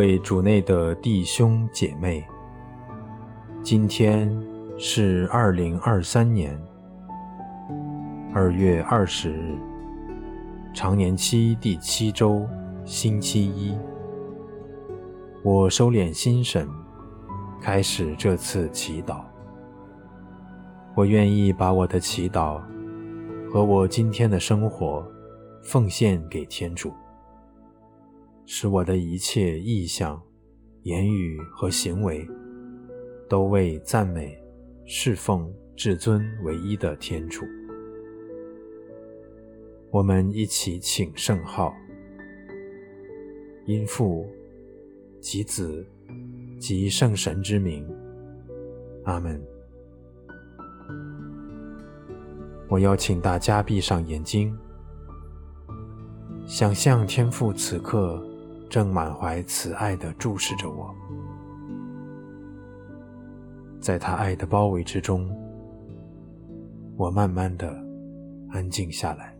各位主內的弟兄姐妹，今天是二零二三年二月二十日，常年期第七周，星期一。我收斂心神，開始這次祈禱。我願意把我的祈禱和我今天的生活奉獻給天主。使我的一切意向、言語和行為，都為讚美、侍奉至尊唯一的天主。我們一起請聖號：因父、及子、及聖神之名。阿門。我要請大家閉上眼睛，想象天父此刻，正滿懷慈愛地注視着我，在他愛的包圍之中，我慢慢地安靜下來。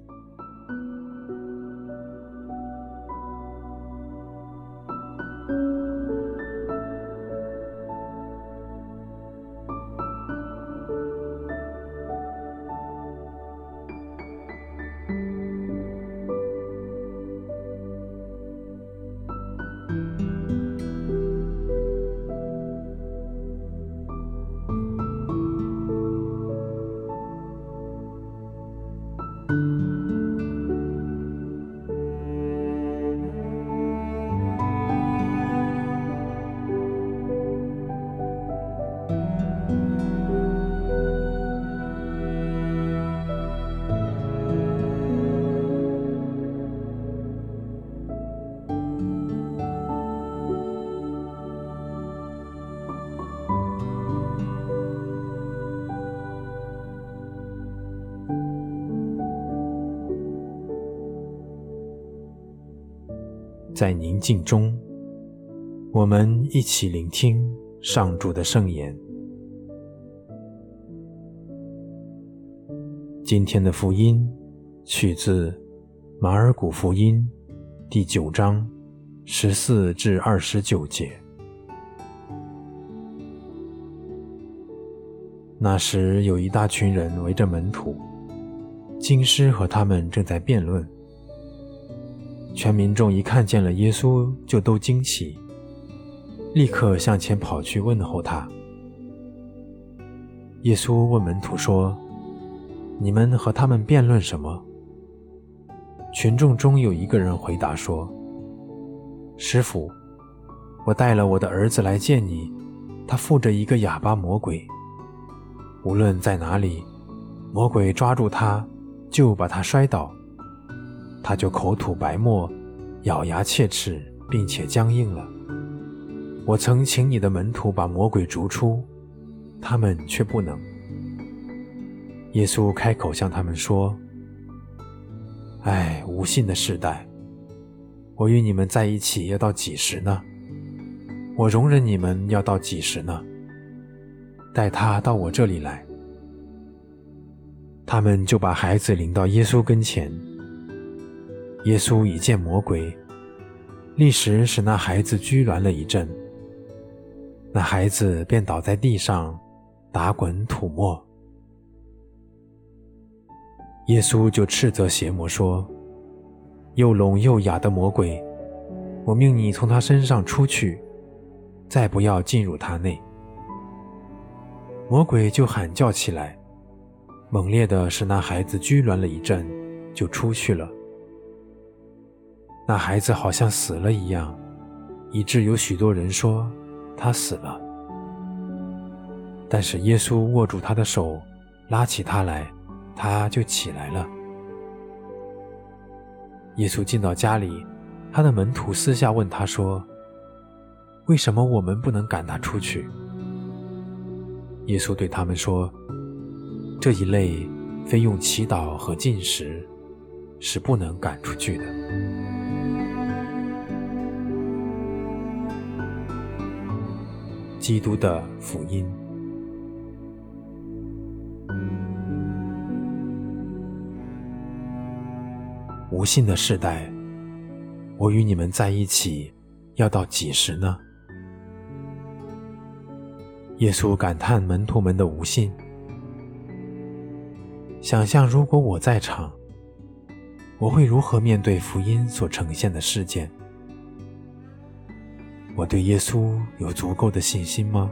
在寧靜中，我們一起聆聽上主的聖言。今天的福音取自《馬爾谷福音》第九章十四至二十九節。那時，有一大群人圍着門徒，經師和他們正在辯論。全民眾一看見了耶穌，就都驚奇，立刻向前跑去問候他。耶穌問門徒說：“你們和他們辯論什麼？”群眾中有一個人回答說：“師傅，我帶了我的兒子來見你，他附着一個啞巴魔鬼。無論在哪裡，魔鬼抓住他，就把他摔倒。”他就口吐白沫，咬牙切齒，並且僵硬了。我曾請你的門徒把魔鬼逐出，他們卻不能。耶穌開口向他們說：“哎，無信的世代，我與你們在一起要到幾時呢？我容忍你們要到幾時呢？帶他到我這裡來。”他們就把孩子領到耶穌跟前。耶穌一見魔鬼，立時使那孩子拘攣了一陣，那孩子便倒在地上，打滾吐沫。耶穌就斥責邪魔說：“又聾又啞的魔鬼，我命你從他身上出去，再不要進入他內。”魔鬼就喊叫起來，猛烈的使那孩子拘攣了一陣，就出去了。那孩子好像死了一樣，以致有許多人說他死了。但是耶穌握住他的手，拉起他來，他就起來了。耶穌進到家裡，他的門徒私下問他說：“為什麼我們不能趕他出去？”耶穌對他們說：“這一類，非用祈禱和禁食，是不能趕出去的。”基督的福音，無信的世代，我與你們在一起要到幾時呢？耶穌感嘆門徒們的無信，想象如果我在場，我會如何面對福音所呈現的事件？我對耶穌有足夠的信心嗎？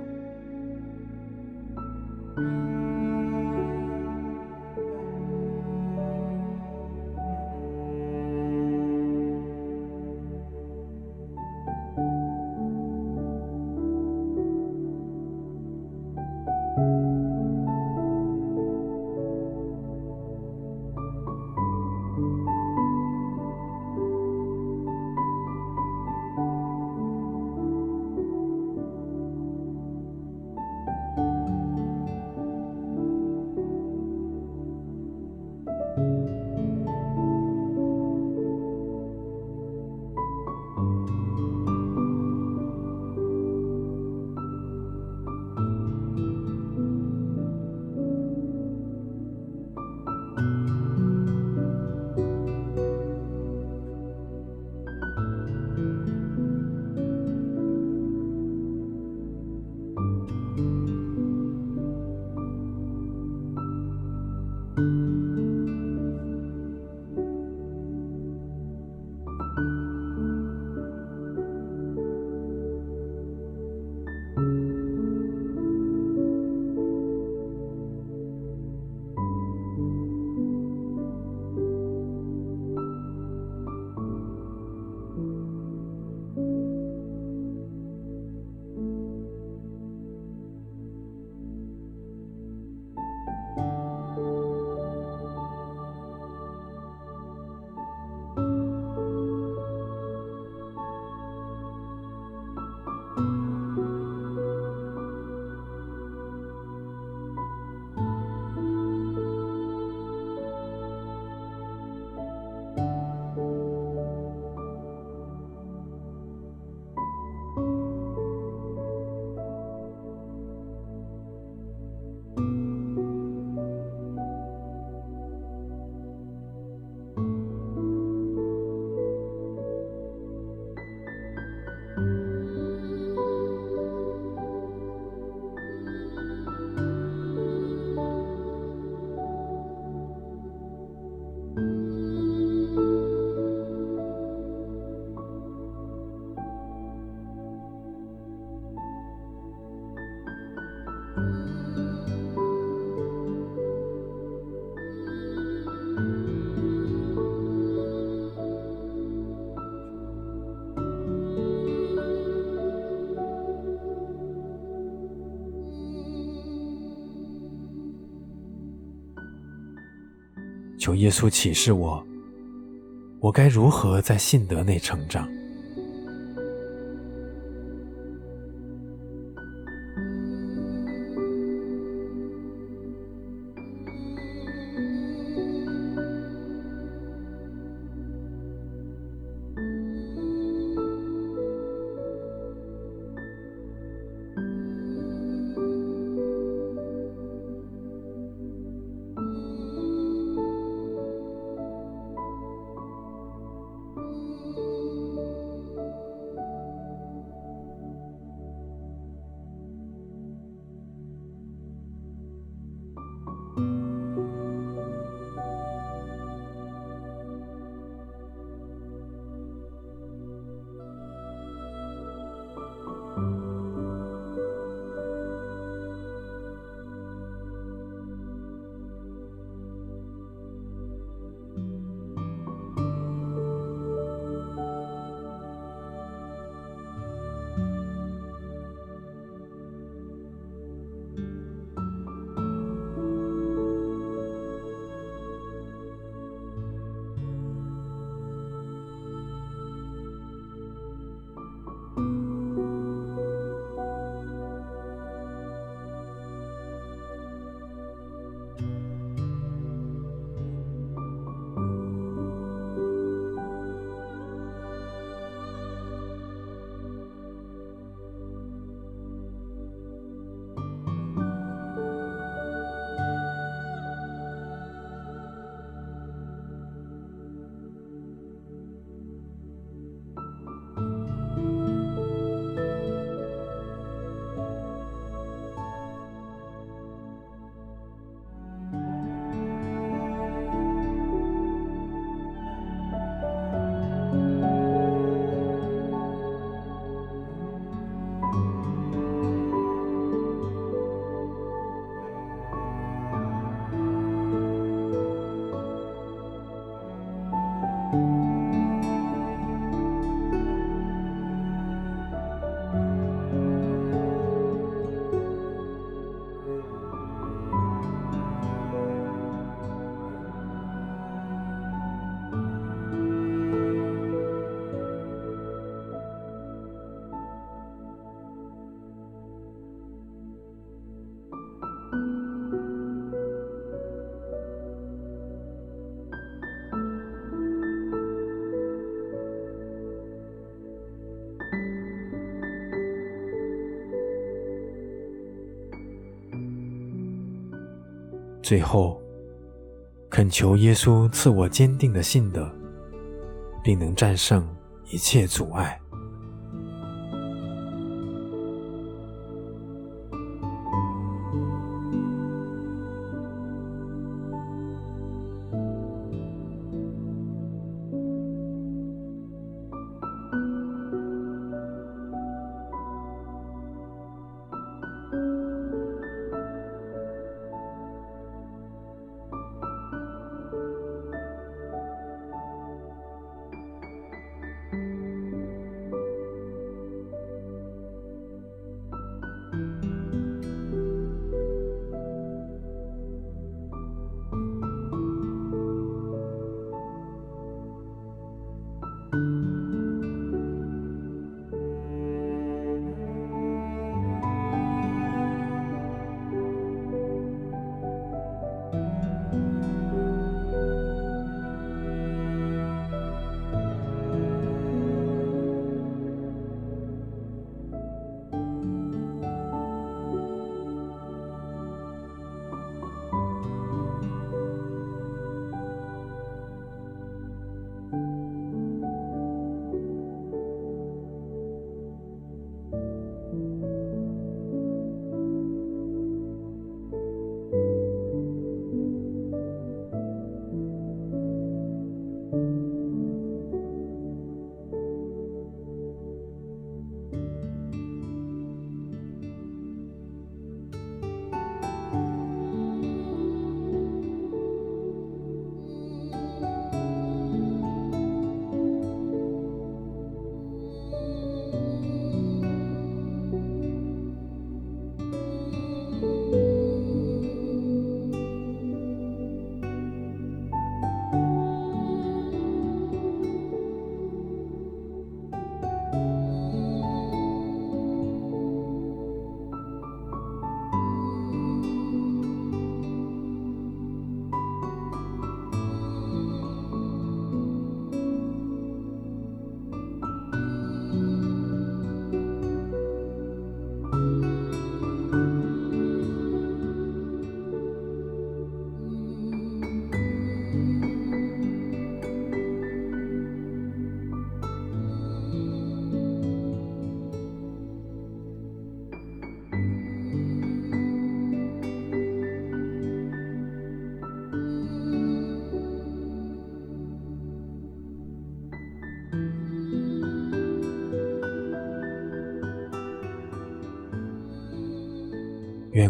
求耶穌啟示我，我該如何在信德內成長。最後，懇求耶穌賜我堅定的信德，並能戰勝一切阻礙。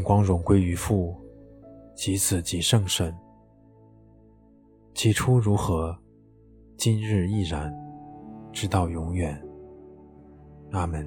光榮歸於父，及子及聖神。起初如何，今日亦然，直到永遠。阿門。